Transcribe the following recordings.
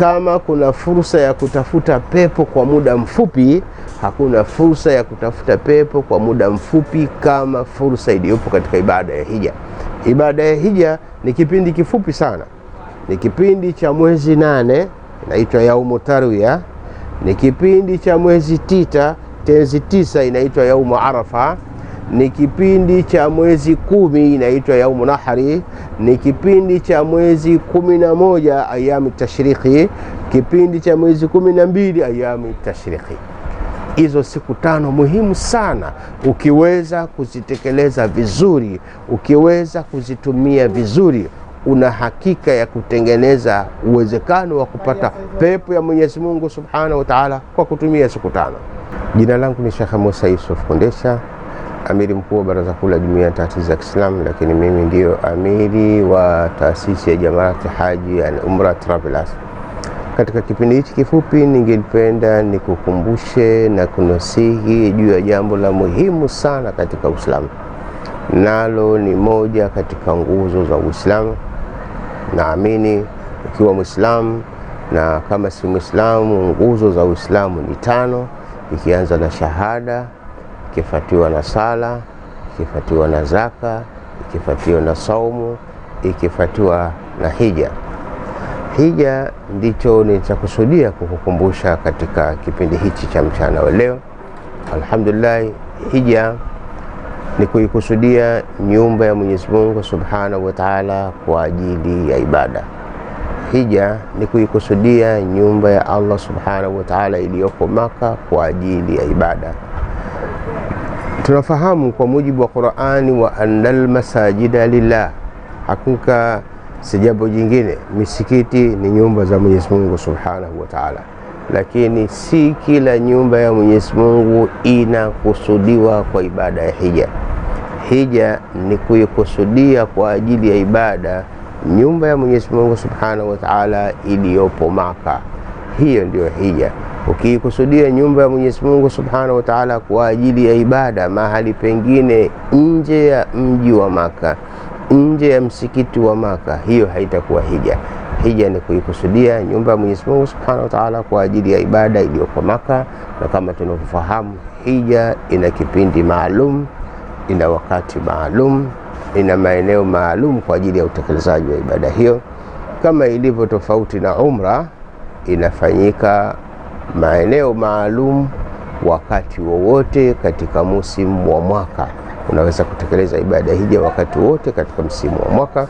kama kuna fursa ya kutafuta pepo kwa muda mfupi, hakuna fursa ya kutafuta pepo kwa muda mfupi kama fursa iliyopo katika ibada ya hija. Ibada ya hija ni kipindi kifupi sana, ni kipindi cha mwezi nane, inaitwa yaumu tarwiya, ni kipindi cha mwezi tita, tezi tisa, inaitwa yaumu arafa ni kipindi cha mwezi kumi inaitwa yaumu nahari, ni kipindi cha mwezi kumi na moja ayamu tashriki, kipindi cha mwezi kumi na mbili ayami tashriki. Hizo siku tano muhimu sana, ukiweza kuzitekeleza vizuri, ukiweza kuzitumia vizuri, una hakika ya kutengeneza uwezekano wa kupata pepo ya Mwenyezi Mungu Subhanahu wa Ta'ala kwa kutumia siku tano. Jina langu ni Sheikh Musa Yusuf Kondesha amiri mkuu wa Baraza Kuu la Jumuiya ya Taasisi za Kiislamu, lakini mimi ndiyo amiri wa taasisi ya Jamaat Haji and Umra Travelers. Katika kipindi hichi kifupi, ningependa nikukumbushe na kunasihi juu ya jambo la muhimu sana katika Uislamu, nalo ni moja katika nguzo za Uislamu. Naamini ukiwa Mwislamu na kama si Mwislamu, nguzo za Uislamu ni tano, ikianza na shahada ikifuatiwa na sala, ikifuatiwa na zaka, ikifuatiwa na saumu, ikifuatiwa na hija. Hija ndicho nitakusudia kukukumbusha katika kipindi hichi cha mchana wa leo. Alhamdulillah, hija ni kuikusudia nyumba ya Mwenyezi Mungu Subhanahu wa Ta'ala kwa ajili ya ibada. Hija ni kuikusudia nyumba ya Allah Subhanahu wa Ta'ala iliyoko Maka kwa ajili ya ibada. Tunafahamu kwa mujibu wa Qur'ani, wa anal masajida lillah, hakika si jambo jingine, misikiti ni nyumba za Mwenyezi Mungu Subhanahu wa Ta'ala, lakini si kila nyumba ya Mwenyezi Mungu inakusudiwa kwa ibada ya hija. Hija ni kuikusudia kwa ajili ya ibada nyumba ya Mwenyezi Mungu Subhanahu wa Ta'ala iliyopo Maka, hiyo ndiyo hija ukiikusudia nyumba ya Mwenyezi Mungu Subhanahu wa Ta'ala kwa ajili ya ibada mahali pengine nje ya mji wa Maka, nje ya msikiti wa Maka, hiyo haitakuwa hija. Hija ni kuikusudia nyumba ya Mwenyezi Mungu Subhanahu wa Ta'ala kwa ajili ya ibada iliyoko Maka, na kama tunavyofahamu, hija ina kipindi maalum, ina wakati maalum, ina maeneo maalum kwa ajili ya utekelezaji wa ibada hiyo, kama ilivyo tofauti na umra inafanyika maeneo maalum wakati wowote katika msimu wa mwaka. Unaweza kutekeleza ibada hija wakati wowote katika msimu wa mwaka,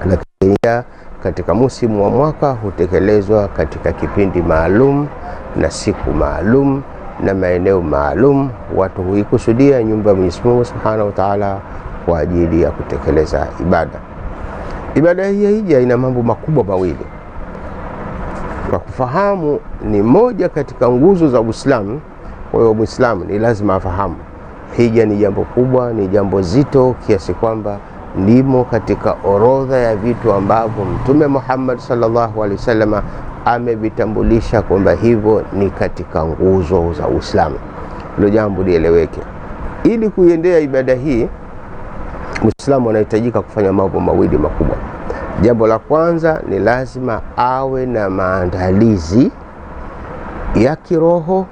lakini katika msimu wa mwaka hutekelezwa katika kipindi maalum na siku maalum na maeneo maalum. Watu huikusudia nyumba ya Mwenyezi Mungu Subhanahu wa Ta'ala kwa ajili ya kutekeleza ibada. Ibada hii ya hija ina mambo makubwa mawili kwa kufahamu ni moja katika nguzo za Uislamu. Kwa hiyo Muislamu ni lazima afahamu hija ni jambo kubwa, ni jambo zito kiasi kwamba ndimo katika orodha ya vitu ambavyo Mtume Muhammad sallallahu alaihi wasallam amevitambulisha kwamba hivyo ni katika nguzo za Uislamu. Hilo jambo lieleweke. Ili kuiendea ibada hii, Muislamu anahitajika kufanya mambo mawili makubwa. Jambo la kwanza ni lazima awe na maandalizi ya kiroho,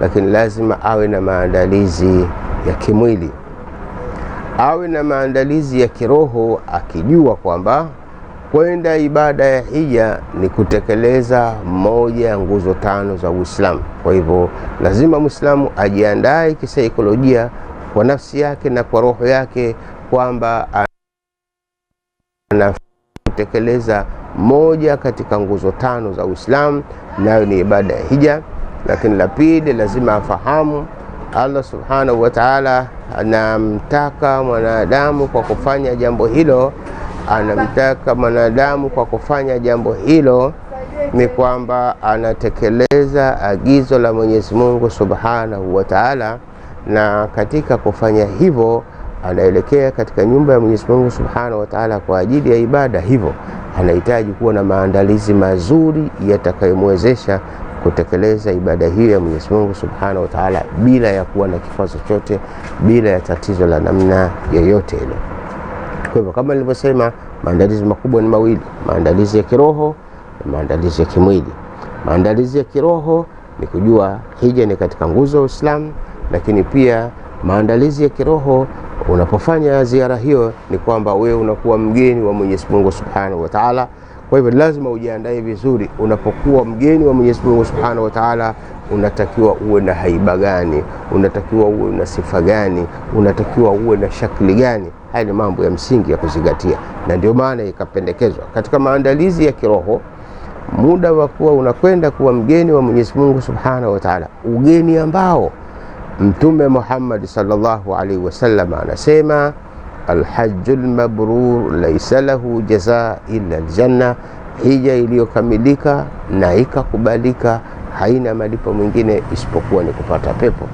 lakini lazima awe na maandalizi ya kimwili. Awe na maandalizi ya kiroho akijua kwamba kwenda ibada ya hija ni kutekeleza moja ya nguzo tano za Uislamu. Kwa hivyo lazima Mwislamu ajiandae kisaikolojia kwa nafsi yake na kwa roho yake kwamba ana kutekeleza moja katika nguzo tano za Uislamu, nayo ni ibada ya hija. Lakini la pili, lazima afahamu Allah subhanahu wa ta'ala anamtaka mwanadamu kwa kufanya jambo hilo, anamtaka mwanadamu kwa kufanya jambo hilo ni kwamba anatekeleza agizo la Mwenyezi Mungu subhanahu wa ta'ala, na katika kufanya hivyo anaelekea katika nyumba ya Mwenyezi Mungu Subhanahu wa Ta'ala kwa ajili ya ibada, hivyo anahitaji kuwa na maandalizi mazuri yatakayomwezesha kutekeleza ibada hiyo ya Mwenyezi Mungu Subhanahu wa Ta'ala bila ya kuwa na kikwazo chochote, bila ya tatizo la namna yoyote ile. Kwa hivyo kama nilivyosema, maandalizi makubwa ni mawili: maandalizi ya kiroho na maandalizi ya kimwili. Maandalizi ya kiroho ni kujua hija ni katika nguzo ya Uislamu, lakini pia maandalizi ya kiroho unapofanya ziara hiyo ni kwamba wewe unakuwa mgeni wa Mwenyezi Mungu Subhanahu wa Ta'ala. Kwa hivyo lazima ujiandae vizuri. Unapokuwa mgeni wa Mwenyezi Mungu Subhanahu wa Ta'ala, unatakiwa uwe na haiba gani? Unatakiwa uwe na sifa gani? Unatakiwa uwe na shakli gani? Haya ni mambo ya msingi ya kuzingatia, na ndio maana ikapendekezwa katika maandalizi ya kiroho muda wa kuwa unakwenda kuwa mgeni wa Mwenyezi Mungu Subhanahu wa Ta'ala, ugeni ambao Mtume Muhammad sallallahu alaihi wasallam anasema alhajjul mabrur laisa lahu jazaa illa aljanna, hija iliyokamilika na ikakubalika haina malipo mengine isipokuwa ni kupata pepo.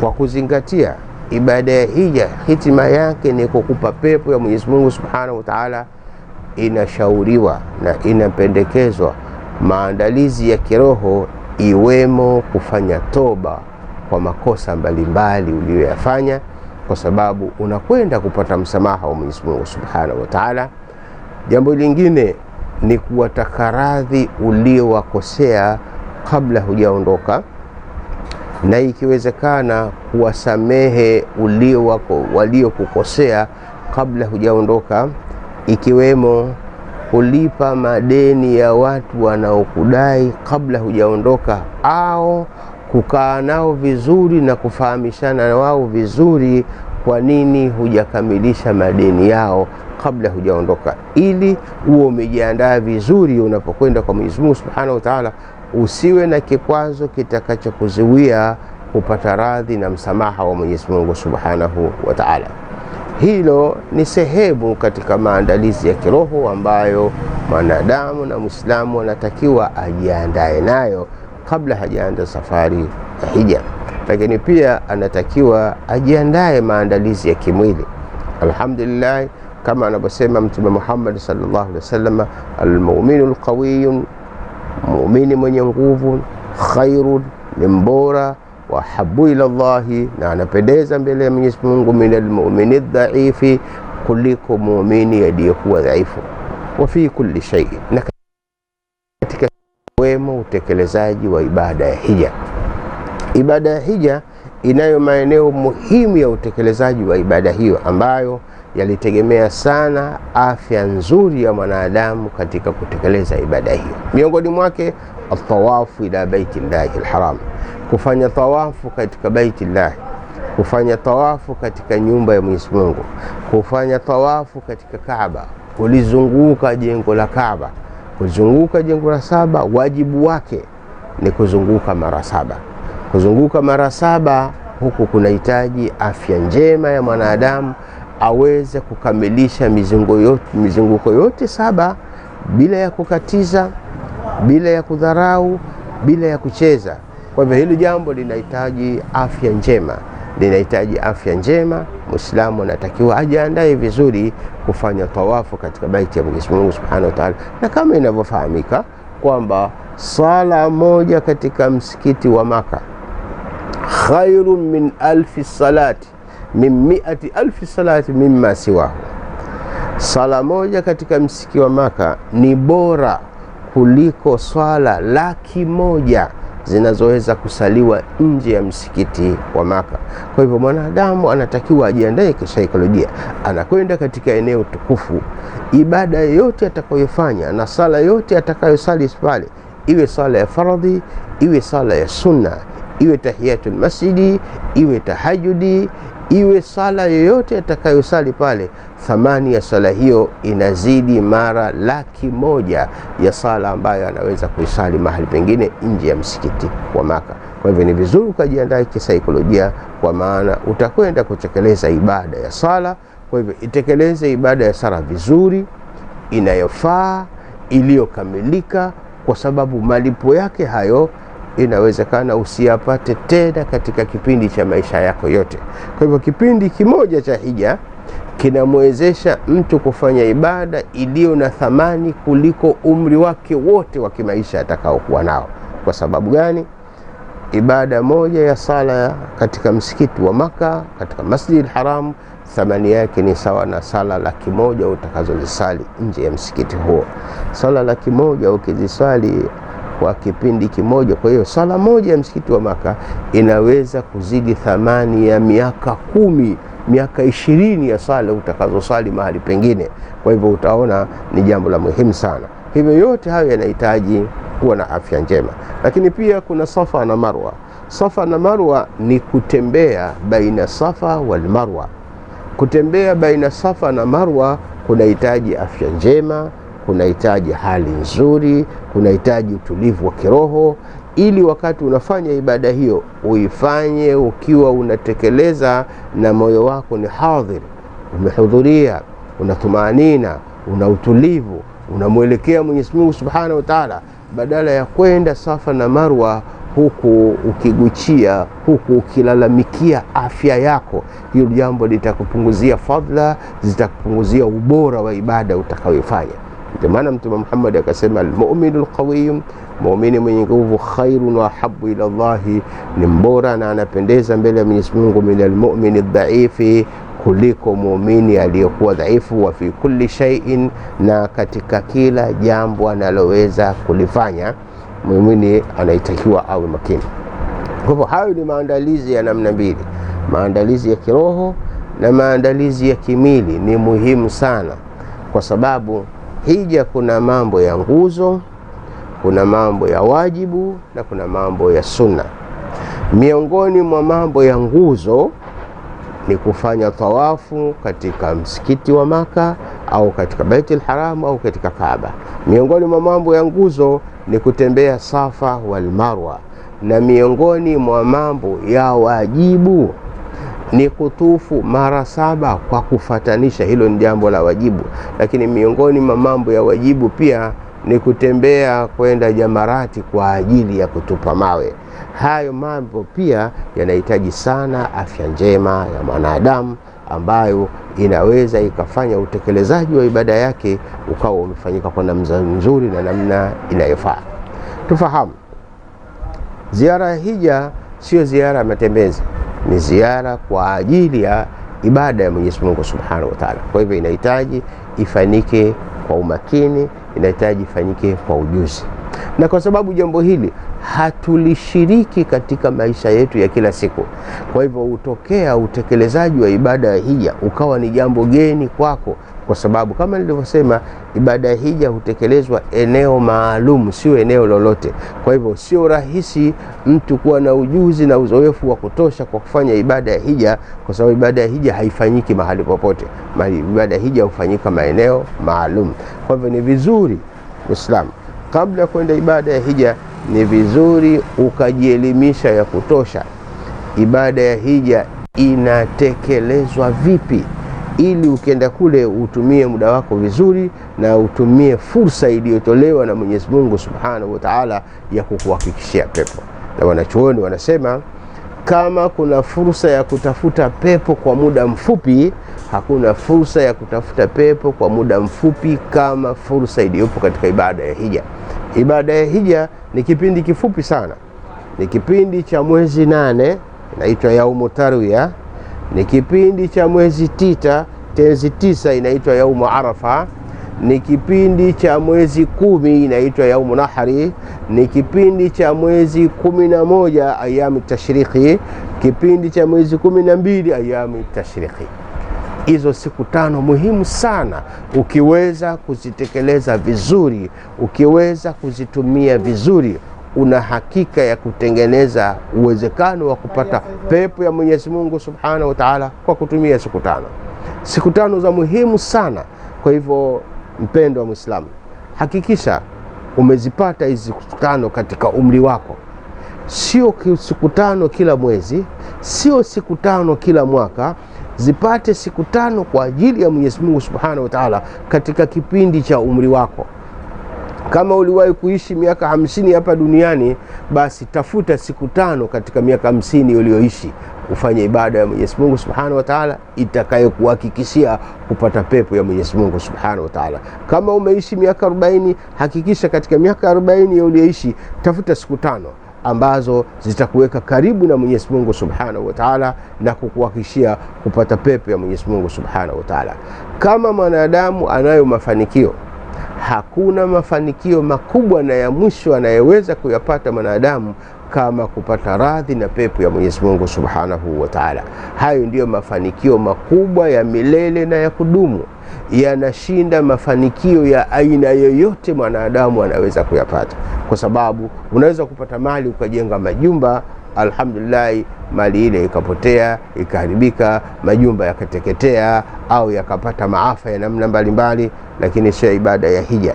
Kwa kuzingatia ibada ya hija hitima yake ni kukupa pepo ya Mwenyezi Mungu Subhanahu wa Ta'ala, inashauriwa na inapendekezwa maandalizi ya kiroho iwemo kufanya toba kwa makosa mbalimbali uliyoyafanya, kwa sababu unakwenda kupata msamaha wa Mwenyezi Mungu Subhanahu wa Ta'ala. Jambo lingine ni kuwataka radhi uliowakosea kabla hujaondoka, na ikiwezekana kuwasamehe waliokukosea kabla hujaondoka, ikiwemo kulipa madeni ya watu wanaokudai kabla hujaondoka au kukaa nao vizuri na kufahamishana wao vizuri, kwa nini hujakamilisha madeni yao kabla hujaondoka, ili huo umejiandaa vizuri unapokwenda kwa Mwenyezi Mungu Subhanahu wa Ta'ala, usiwe na kikwazo kitakachokuzuia kupata radhi na msamaha wa Mwenyezi Mungu Subhanahu wa Ta'ala. Hilo ni sehemu katika maandalizi ya kiroho ambayo mwanadamu na Muislamu anatakiwa ajiandae nayo kabla hajaanza safari ya hija, lakini pia anatakiwa ajiandae maandalizi ya kimwili. Alhamdulillah, kama anavyosema Mtume Muhammad sallallahu alaihi wasallam, almuminu lqawiyun, mumini mwenye nguvu, khairun, ni mbora wahabu ila llahi, na anapendeza mbele ya Mwenyezi Mungu, min almumini dhaifi, kuliko mumini aliyekuwa dhaifu, wa fi kulli shay ukiwemo utekelezaji wa ibada ya hija. Ibada ya hija inayo maeneo muhimu ya utekelezaji wa ibada hiyo ambayo yalitegemea sana afya nzuri ya mwanadamu katika kutekeleza ibada hiyo. Miongoni mwake atawafu ila baiti llahi lharam, kufanya tawafu katika baiti llahi, kufanya tawafu katika nyumba ya Mwenyezi Mungu, kufanya tawafu katika Kaaba, kulizunguka jengo la Kaaba. Kuzunguka jengo la saba wajibu wake ni kuzunguka mara saba. Kuzunguka mara saba huku kunahitaji afya njema ya mwanadamu aweze kukamilisha mizunguko yote, mizunguko yote saba bila ya kukatiza, bila ya kudharau, bila ya kucheza. Kwa hivyo hili jambo linahitaji afya njema linahitaji afya njema. Muislamu anatakiwa ajiandae vizuri kufanya tawafu katika baiti ya Mwenyezi Mungu Subhanahu wa Ta'ala, na kama inavyofahamika kwamba sala moja katika msikiti wa Maka khairu min alfi salati min miati alfi salati mimma siwahu, sala moja katika msikiti wa Maka ni bora kuliko swala laki moja zinazoweza kusaliwa nje ya msikiti wa Maka. Kwa hivyo mwanadamu anatakiwa ajiandae kisaikolojia, anakwenda katika eneo tukufu. Ibada yoyote atakayofanya na sala yote atakayosali pale, iwe sala ya faradhi, iwe sala ya sunna, iwe tahiyatul masjidi, iwe tahajudi iwe sala yoyote atakayosali pale, thamani ya sala hiyo inazidi mara laki moja ya sala ambayo anaweza kuisali mahali pengine nje ya msikiti wa Maka. Kwa hivyo ni vizuri ukajiandaa kisaikolojia, kwa maana utakwenda kutekeleza ibada ya sala. Kwa hivyo itekeleze ibada ya sala vizuri, inayofaa, iliyokamilika, kwa sababu malipo yake hayo inawezekana usiyapate tena katika kipindi cha maisha yako yote. Kwa hivyo kipindi kimoja cha hija kinamwezesha mtu kufanya ibada iliyo na thamani kuliko umri wake wote wa kimaisha atakaokuwa nao. Kwa sababu gani? Ibada moja ya sala katika msikiti wa Maka, katika Masjidil Haram, thamani yake ni sawa na sala laki moja utakazozisali nje ya msikiti huo. Sala laki moja ukizisali kwa kipindi kimoja. Kwa hiyo sala moja ya msikiti wa Maka inaweza kuzidi thamani ya miaka kumi miaka ishirini ya sala utakazosali mahali pengine. Kwa hivyo utaona ni jambo la muhimu sana. Hivyo yote hayo yanahitaji kuwa na afya njema, lakini pia kuna Safa na Marwa. Safa na Marwa ni kutembea baina Safa wal Marwa. Kutembea baina Safa na Marwa kunahitaji afya njema kunahitaji hali nzuri, kunahitaji utulivu wa kiroho, ili wakati unafanya ibada hiyo uifanye ukiwa unatekeleza na moyo wako ni hadhir, umehudhuria, una tumanina, una utulivu, unamwelekea Mwenyezi Mungu Subhanahu wa Ta'ala, badala ya kwenda Safa na Marwa huku ukiguchia huku ukilalamikia afya yako. Hilo jambo litakupunguzia fadhila, zitakupunguzia ubora wa ibada utakayoifanya. Ndio maana Mtume Muhammad akasema almuminu lqawiyu muumini mwenye nguvu, khairun wahabu habu ila llahi, ni mbora na anapendeza mbele ya mwenyezimungu Mungu, min almumini dhaifi, kuliko muumini aliyekuwa dhaifu, wa fi kulli shay'in, na katika kila jambo analoweza kulifanya muumini anaitakiwa awe makini. Kwa hivyo hayo ni maandalizi ya namna mbili, maandalizi ya kiroho na maandalizi ya kimwili. Ni muhimu sana kwa sababu hija kuna mambo ya nguzo, kuna mambo ya wajibu na kuna mambo ya sunna. Miongoni mwa mambo ya nguzo ni kufanya tawafu katika msikiti wa Maka au katika Baitul Haram au katika Kaaba. Miongoni mwa mambo ya nguzo ni kutembea Safa walmarwa na miongoni mwa mambo ya wajibu ni kutufu mara saba kwa kufatanisha. Hilo ni jambo la wajibu, lakini miongoni mwa mambo ya wajibu pia ni kutembea kwenda jamarati kwa ajili ya kutupa mawe. Hayo mambo pia yanahitaji sana afya njema ya mwanadamu ambayo inaweza ikafanya utekelezaji wa ibada yake ukawa umefanyika kwa namna nzuri na namna inayofaa. Tufahamu ziara ya hija sio ziara ya matembezi ni ziara kwa ajili ya ibada ya Mwenyezi Mungu Subhanahu wa Ta'ala. Kwa hivyo inahitaji ifanyike kwa umakini, inahitaji ifanyike kwa ujuzi, na kwa sababu jambo hili hatulishiriki katika maisha yetu ya kila siku, kwa hivyo hutokea utekelezaji wa ibada ya hija ukawa ni jambo geni kwako kwa sababu kama nilivyosema, ibada ya hija hutekelezwa eneo maalum, sio eneo lolote. Kwa hivyo sio rahisi mtu kuwa na ujuzi na uzoefu wa kutosha kwa kufanya ibada ya hija, kwa sababu ibada ya hija haifanyiki mahali popote. Ibada ya hija hufanyika maeneo maalum. Kwa hivyo ni vizuri Muislamu, kabla ya kwenda ibada ya hija, ni vizuri ukajielimisha ya kutosha, ibada ya hija inatekelezwa vipi ili ukienda kule utumie muda wako vizuri na utumie fursa iliyotolewa na Mwenyezi Mungu Subhanahu wa Ta'ala ya kukuhakikishia pepo. Na wanachuoni wanasema kama kuna fursa ya kutafuta pepo kwa muda mfupi, hakuna fursa ya kutafuta pepo kwa muda mfupi kama fursa iliyopo katika ibada ya hija. Ibada ya hija ni kipindi kifupi sana, ni kipindi cha mwezi nane, inaitwa yaumu tarwiya ni kipindi cha mwezi tita, tenzi tisa inaitwa yaumu Arafa, ni kipindi cha mwezi kumi inaitwa yaumu nahari, ni kipindi cha mwezi kumi na moja ayami tashriki, kipindi cha mwezi kumi na mbili ayami tashriki. Hizo siku tano muhimu sana, ukiweza kuzitekeleza vizuri, ukiweza kuzitumia vizuri una hakika ya kutengeneza uwezekano wa kupata pepo ya Mwenyezi Mungu Subhanahu wa Ta'ala kwa kutumia siku tano, siku tano za muhimu sana. Kwa hivyo, mpendo wa Muislamu, hakikisha umezipata hizi siku tano katika umri wako. Sio siku tano kila mwezi, sio siku tano kila mwaka. Zipate siku tano kwa ajili ya Mwenyezi Mungu Subhanahu wa Ta'ala katika kipindi cha umri wako. Kama uliwahi kuishi miaka hamsini hapa duniani, basi tafuta siku tano katika miaka hamsini uliyoishi ufanye ibada ya Mwenyezi Mungu Subhanahu wa Ta'ala itakayokuhakikishia kupata pepo ya Mwenyezi Mungu Subhanahu wa Ta'ala. Kama umeishi miaka 40, hakikisha katika miaka 40 ulioishi tafuta siku tano ambazo zitakuweka karibu na Mwenyezi Mungu Subhanahu wa Ta'ala na kukuhakikishia kupata pepo ya Mwenyezi Mungu Subhanahu wa Ta'ala. Kama mwanadamu anayo mafanikio Hakuna mafanikio makubwa na ya mwisho anayeweza kuyapata mwanadamu kama kupata radhi na pepo ya Mwenyezi Mungu Subhanahu wa Ta'ala. Hayo ndiyo mafanikio makubwa ya milele na ya kudumu, yanashinda mafanikio ya aina yoyote mwanadamu anaweza kuyapata, kwa sababu unaweza kupata mali ukajenga majumba alhamdulillahi, mali ile ikapotea ikaharibika, majumba yakateketea au yakapata maafa ya namna mbalimbali, lakini sio ibada ya hija.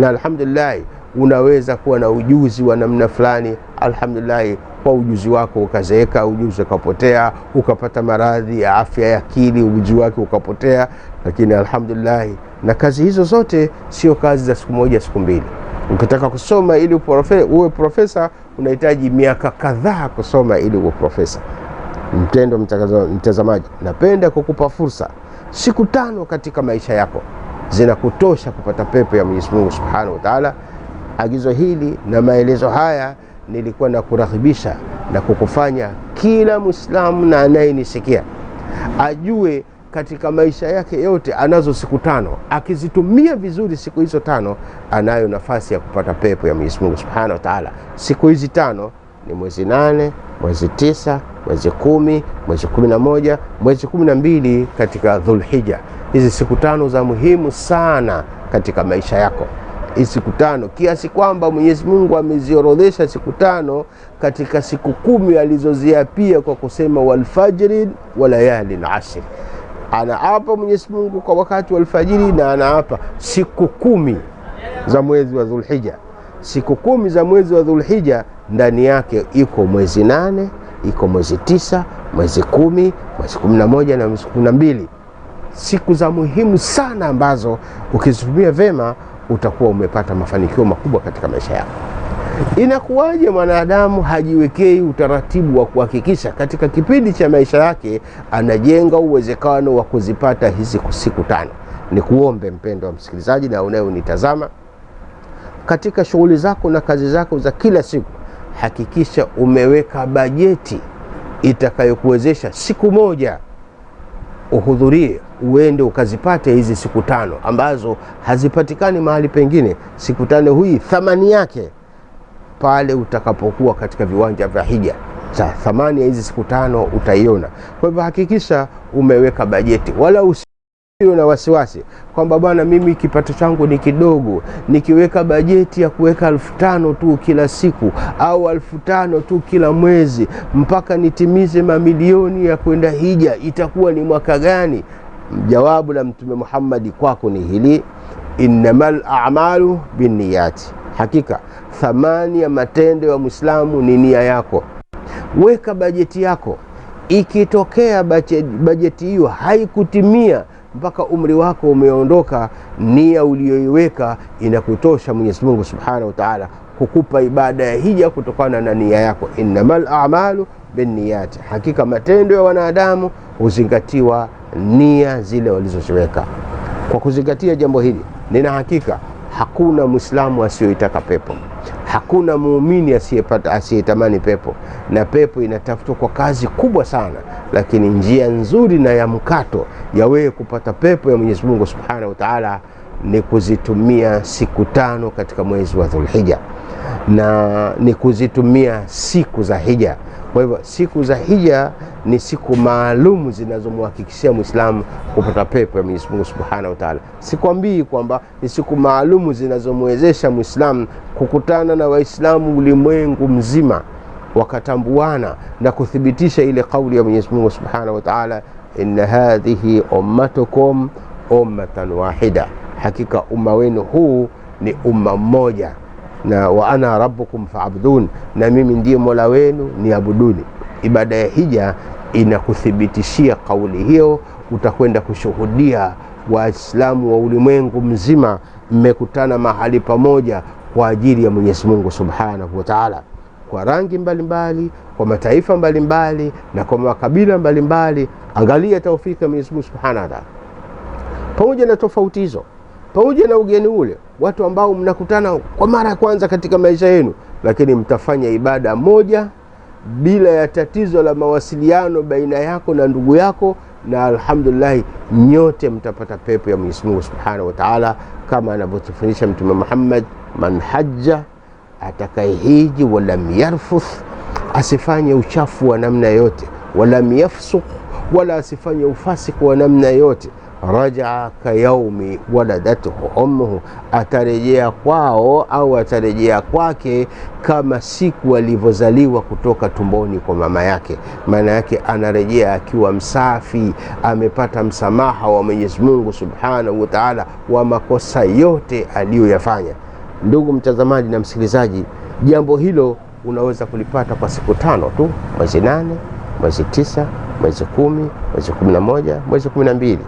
Na alhamdulillahi unaweza kuwa na ujuzi wa namna fulani, alhamdulillahi kwa ujuzi wako ukazeeka, ujuzi ukapotea, ukapata maradhi ya afya ya akili, ujuzi wake ukapotea, lakini alhamdulillahi. Na kazi hizo zote sio kazi za siku moja siku mbili. Ukitaka kusoma ili uwe profesa unahitaji miaka kadhaa kusoma ili uwe profesa. mtendo mtazamaji, napenda kukupa fursa, siku tano katika maisha yako zinakutosha kupata pepo ya Mwenyezi Mungu Subhanahu wa Ta'ala. Agizo hili na maelezo haya nilikuwa na kurahibisha na kukufanya kila Muislamu na anayenisikia ajue katika maisha yake yote anazo siku tano, akizitumia vizuri siku hizo tano, anayo nafasi ya kupata pepo ya Mwenyezi Mungu Subhanahu wa Ta'ala. Siku hizi tano ni mwezi nane, mwezi tisa, mwezi kumi, mwezi kumi na moja, mwezi kumi na mbili katika Dhulhija. Hizi siku tano za muhimu sana katika maisha yako hizi siku tano, kiasi kwamba Mwenyezi Mungu ameziorodhesha siku tano katika siku kumi alizoziapia kwa kusema walfajri walayali na lashr anaapa Mwenyezi Mungu kwa wakati wa alfajiri, na anaapa siku kumi za mwezi wa Dhulhija. Siku kumi za mwezi wa Dhulhija ndani yake iko mwezi nane, iko mwezi tisa, mwezi kumi, mwezi kumi na moja na mwezi kumi na mbili, siku za muhimu sana ambazo ukizitumia vema utakuwa umepata mafanikio makubwa katika maisha yako. Inakuwaje mwanadamu hajiwekei utaratibu wa kuhakikisha katika kipindi cha maisha yake anajenga uwezekano wa kuzipata hizi siku tano? Ni kuombe wa msikilizaji na unayeunitazama katika shughuli zako na kazi zako za kila siku, hakikisha umeweka bajeti itakayokuwezesha siku moja uhudhurie uende ukazipate hizi siku tano ambazo hazipatikani mahali pengine. Siku tano hii thamani yake pale utakapokuwa katika viwanja vya hija. sa thamani ya hizi siku tano utaiona. Kwa hivyo hakikisha umeweka bajeti, wala usio na wasiwasi kwamba bwana, mimi kipato changu ni kidogo, nikiweka bajeti ya kuweka elfu tano tu kila siku au elfu tano tu kila mwezi mpaka nitimize mamilioni ya kwenda hija, itakuwa ni mwaka gani? Jawabu la Mtume Muhammadi kwako ni hili, innamal a'malu binniyati, hakika thamani ya matendo ya Mwislamu ni nia yako. Weka bajeti yako. Ikitokea bajeti hiyo haikutimia mpaka umri wako umeondoka, nia uliyoiweka inakutosha Mwenyezi Mungu Subhanahu wa Ta'ala kukupa ibada ya hija kutokana na nia yako. Innamal a'malu binniyati, hakika matendo ya wanadamu huzingatiwa nia zile walizoziweka. Kwa kuzingatia jambo hili, nina hakika Hakuna Mwislamu asiyoitaka pepo, hakuna muumini asiyetamani pepo, na pepo inatafutwa kwa kazi kubwa sana, lakini njia nzuri na ya mkato ya wewe kupata pepo ya Mwenyezi Mungu Subhanahu wa Ta'ala ni kuzitumia siku tano katika mwezi wa Dhulhija na ni kuzitumia siku za hija. Kwa hivyo siku za hija ni siku maalum zinazomhakikishia mwislamu kupata pepo ya Mwenyezi Mungu subhanahu wa taala. Sikwambii kwamba ni siku maalum zinazomwezesha mwislamu kukutana na waislamu ulimwengu mzima wakatambuana na kuthibitisha ile kauli ya Mwenyezi Mungu subhanahu wa taala, inna hadhihi ummatukum ummatan wahida, hakika umma wenu huu ni umma mmoja na wa ana rabbukum faabudun, na mimi ndiye mola wenu niabuduni. Ibada ya hija inakuthibitishia kauli hiyo. Utakwenda kushuhudia Waislamu wa ulimwengu mzima, mmekutana mahali pamoja kwa ajili ya Mwenyezi Mungu Subhanahu wa Ta'ala, kwa rangi mbalimbali mbali, kwa mataifa mbalimbali mbali, na kwa makabila mbalimbali mbali. Angalia taufiki ya Mwenyezi Mungu Subhanahu wa Ta'ala pamoja na tofauti hizo pamoja na ugeni ule, watu ambao mnakutana kwa mara ya kwanza katika maisha yenu, lakini mtafanya ibada moja bila ya tatizo la mawasiliano baina yako na ndugu yako, na alhamdulillahi, nyote mtapata pepo ya Mwenyezi Mungu Subhanahu wa Ta'ala, kama anavyotufundisha Mtume Muhammad, man hajja, atakayehiji walam yarfuth, asifanye uchafu wa namna yote, walam yafsuk, wala asifanye ufasiku wa namna yote rajaa kayaumi waladathu ummuhu, atarejea kwao au atarejea kwake kama siku alivyozaliwa kutoka tumboni kwa mama yake. Maana yake anarejea akiwa msafi, amepata msamaha wa Mwenyezi Mungu Subhanahu wa Ta'ala wa makosa yote aliyoyafanya. Ndugu mtazamaji na msikilizaji, jambo hilo unaweza kulipata kwa siku tano tu: mwezi nane, mwezi tisa, mwezi kumi, mwezi kumi na moja, mwezi kumi na mbili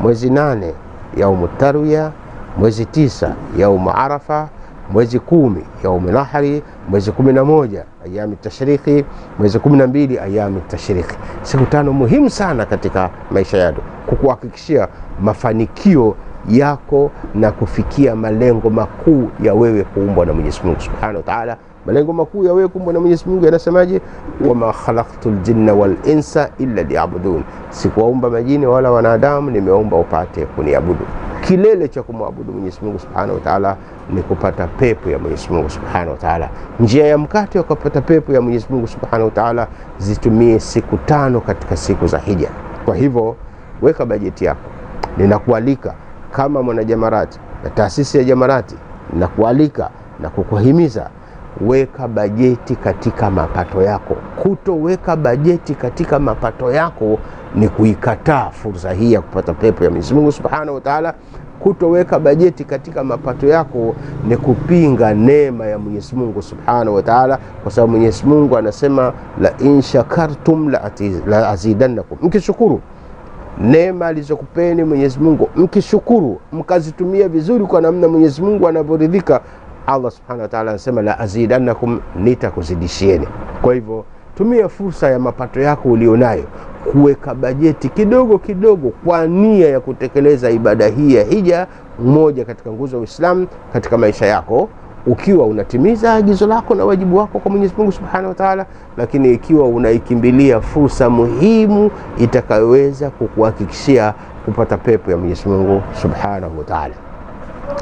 mwezi nane yaumu tarwiya, mwezi tisa yaumu arafa mwezi kumi yaumu nahri mwezi kumi na moja ayami tashriki, mwezi kumi na mbili ayami tashriki. Siku tano muhimu sana katika maisha yako kukuhakikishia mafanikio yako na kufikia malengo makuu ya wewe kuumbwa na Mwenyezi Mungu Subhanahu wa Ta'ala. Malengo makuu ya wewe kuumbwa na Mwenyezi Mungu yanasemaje? wama khalaqtul ljina wal insa illa liya'budun, sikuwaumba majini wala wanadamu, nimeumba upate kuniabudu kilele cha kumwabudu Mwenyezi Mungu Subhanahu wa Ta'ala ni kupata pepo ya Mwenyezi Mungu Subhanahu wa Ta'ala. Njia ya mkate wa kupata pepo ya Mwenyezi Mungu Subhanahu wa Ta'ala, zitumie siku tano katika siku za Hija. Kwa hivyo weka bajeti yako. Ninakualika kama mwanajamarati na taasisi ya Jamarati, ninakualika na kukuhimiza weka bajeti katika mapato yako. Kutoweka bajeti katika mapato yako ni kuikataa fursa hii ya kupata pepo ya Mwenyezi Mungu Subhanahu wa Ta'ala. Kutoweka bajeti katika mapato yako ni kupinga neema ya Mwenyezi Mungu Subhanahu wa Ta'ala, kwa sababu Mwenyezi Mungu anasema la in shakartum la, la azidannakum, mkishukuru neema alizokupeni Mwenyezi Mungu, mkishukuru mkazitumia vizuri kwa namna Mwenyezi Mungu anavyoridhika, Allah Subhanahu wa Ta'ala anasema la azidannakum, nitakuzidishieni. Kwa hivyo tumia fursa ya mapato yako ulionayo kuweka bajeti kidogo kidogo kwa nia ya kutekeleza ibada hii ya hija, moja katika nguzo ya Uislamu katika maisha yako, ukiwa unatimiza agizo lako na wajibu wako kwa Mwenyezi Mungu Subhanahu wa Ta'ala, lakini ikiwa unaikimbilia fursa muhimu itakayoweza kukuhakikishia kupata pepo ya Mwenyezi Mungu Subhanahu wa Ta'ala.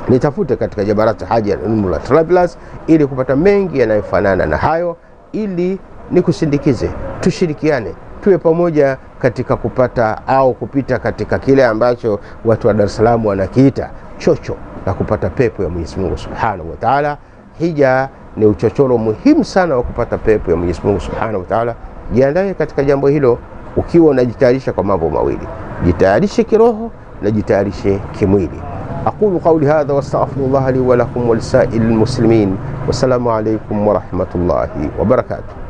Nitafute katika Jamaratu Haji umra Travelers ili kupata mengi yanayofanana na hayo, ili nikusindikize, tushirikiane tuwe pamoja katika kupata au kupita katika kile ambacho watu wa Dar es Salaam wanakiita chocho na kupata pepo ya Mwenyezi Mungu Subhanahu wa Ta'ala. Hija ni uchochoro muhimu sana wa kupata pepo ya Mwenyezi Mungu Subhanahu wa Ta'ala. Jiandae katika jambo hilo ukiwa unajitayarisha kwa mambo mawili, jitayarishe kiroho na jitayarishe kimwili. Aqulu qawli hadha wastaghfirullaha li wa lakum wa lisairil muslimin. Wassalamu alaykum wa rahmatullahi wa barakatuh.